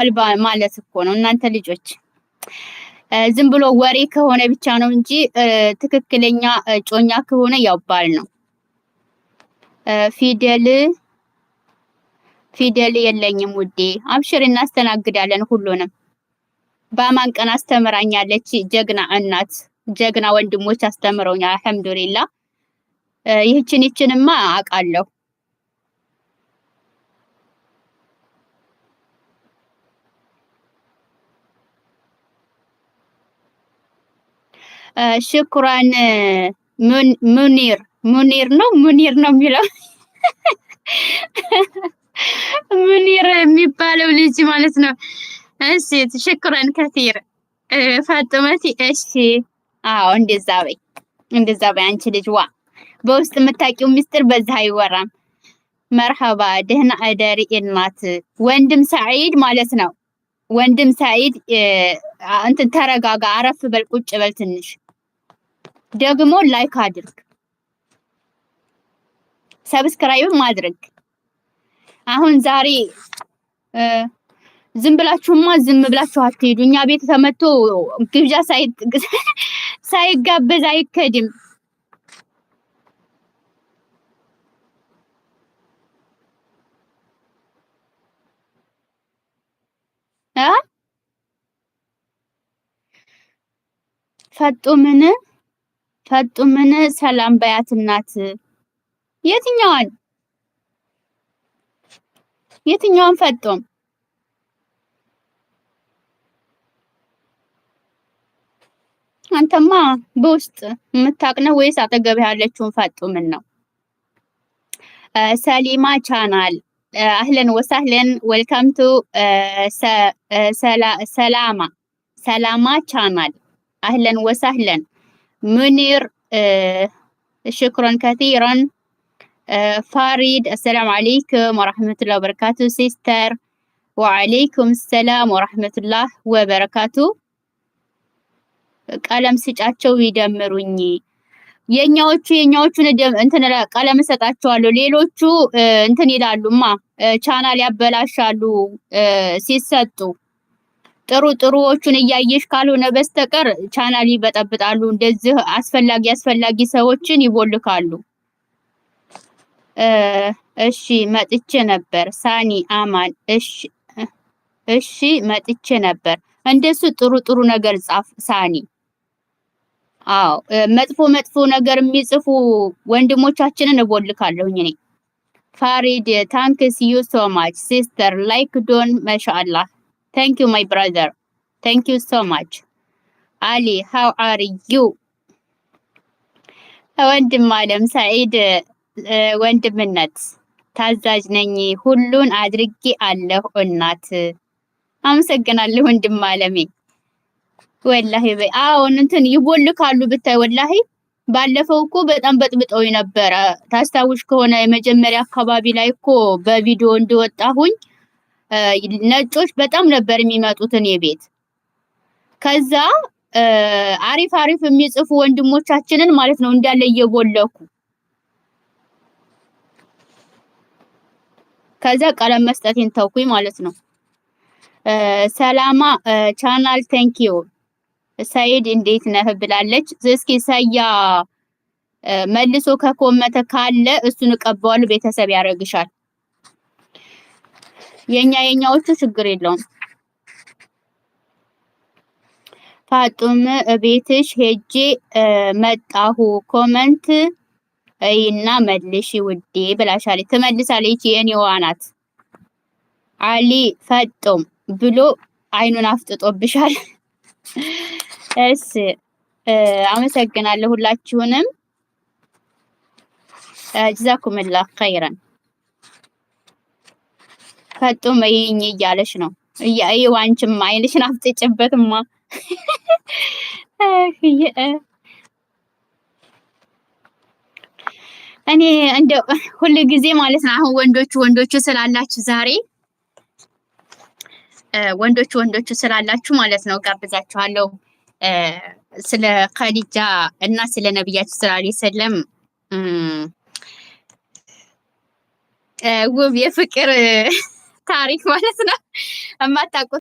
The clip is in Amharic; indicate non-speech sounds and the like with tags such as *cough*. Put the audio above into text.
ከልባ ማለት እኮ ነው እናንተ ልጆች ዝም ብሎ ወሬ ከሆነ ብቻ ነው እንጂ ትክክለኛ ጮኛ ከሆነ ያው ባል ነው። ፊደል ፊደል የለኝም ውዴ፣ አብሽር እናስተናግዳለን ሁሉንም። በአማን ቀን አስተምራኛለች። ጀግና እናት፣ ጀግና ወንድሞች አስተምረውኛል። አልሐምዱሊላ። ይህችን ይችንማ አውቃለሁ። ሽኩራን ሙኒር ሙኒር ነው ሙኒር ነው የሚለው *laughs* ሙኒር የሚባለው ልጅ ማለት ነው። እሺ ሽኩራን ከቲር ፋጥመቲ። እሺ አዎ፣ እንደዛ በይ እንደዛ በይ አንቺ ልጅ ዋ በውስጥ የምታውቂው ሚስጥር በዛ አይወራም። መርሐባ ደህና አደሪ እናት ወንድም ሰዒድ ማለት ነው። ወንድም ሳይድ እንትን ተረጋጋ፣ አረፍ በል፣ ቁጭ በል ትንሽ። ደግሞ ላይክ አድርግ፣ ሰብስክራይብ ማድረግ። አሁን ዛሬ ዝም ብላችሁማ ዝም ብላችሁ አትሄዱ። እኛ ቤት ተመቶ ግብዣ ሳይጋበዝ አይከድም። ፈጡምን ፈጡምን ሰላም በያት እናት። የትኛዋን የትኛዋን ፈጡም አንተማ በውስጥ የምታቅነው ወይስ አጠገብህ ያለችውን ፈጡምን ነው? ሰሊማ ቻናል አህለን ወሳህለን ወልካም ቱ ሰላማ ሰላማ ቻናል አህለን ወሳህለን ሙኒር ሽክሮን ከቲሮን ፋሪድ አሰላም አለይኩም ወራህመቱላህ ወበረካቱ ሲስተር ወአለይኩም ሰላም ወራህመቱላህ ወበረካቱ ቀለም ስጫቸው ይደምሩኝ የኛዎቹ የኛዎቹን እንትን ቀለም እሰጣቸዋለሁ ሌሎቹ እንትን ይላሉማ ቻናል ያበላሻሉ ሲሰጡ ጥሩ ጥሩዎቹን እያየሽ ካልሆነ በስተቀር ቻናል ይበጠብጣሉ። እንደዚህ አስፈላጊ አስፈላጊ ሰዎችን ይቦልካሉ። እሺ መጥቼ ነበር ሳኒ አማን። እሺ እሺ መጥቼ ነበር። እንደሱ ጥሩ ጥሩ ነገር ጻፍ ሳኒ። አዎ መጥፎ መጥፎ ነገር የሚጽፉ ወንድሞቻችንን እቦልካለሁኝ እኔ። ፋሪድ ታንክስ ዩ ሶ ማች ሲስተር ላይክ ዶን ማሻአላህ Thank you, my brother. Thank you so much. Ali, how are you? ወንድም አለም ሰዒድ ወንድምነት ታዛዥ ነኝ፣ ሁሉን አድርጌ አለሁ እናት። አመሰግናለሁ ወንድም አለሜ። ወላሂ በይ አሁን እንትን ይቦልካሉ ብታይ ወላሂ ባለፈው እኮ በጣም በጥብጠው ነበረ። ታስታውሽ ከሆነ የመጀመሪያ አካባቢ ላይ እኮ በቪዲዮ እንደወጣሁኝ ነጮች በጣም ነበር የሚመጡት እኔ ቤት። ከዛ አሪፍ አሪፍ የሚጽፉ ወንድሞቻችንን ማለት ነው እንዳለ እየቦለኩ ከዛ ቀለም መስጠቴን ተውኩኝ ማለት ነው። ሰላማ ቻናል ዩ ሰይድ እንዴት ነህ ብላለች። እስኪ ሰያ መልሶ ከኮመተ ካለ እሱን እቀበዋለሁ። ቤተሰብ ያደርግሻል። የኛ የኛዎቹ ችግር የለውም። ፋጡም ቤትሽ ሄጄ መጣሁ። ኮመንት እይና መልሽ ውዴ ብላሻለች። ትመልሳለች። የኔዋ ናት። አሊ ፈጦም ብሎ አይኑን አፍጥጦብሻል። *laughs* እስ አመሰግናለሁ ሁላችሁንም ጀዛኩምላህ ኸይረን ፈጡ ይኝ እያለች ነው። ይኸው አንቺማ አይንሽን አፍጥጭበትማ እኔ እንደ ሁል ጊዜ ማለት ነው። አሁን ወንዶቹ ወንዶቹ ስላላችሁ ዛሬ ወንዶቹ ወንዶቹ ስላላችሁ ማለት ነው ጋብዛችኋለሁ። ስለ ከዲጃ እና ስለ ነቢያችን ስላ ሰለም ውብ የፍቅር ታሪክ ማለት ነው። የማታውቁት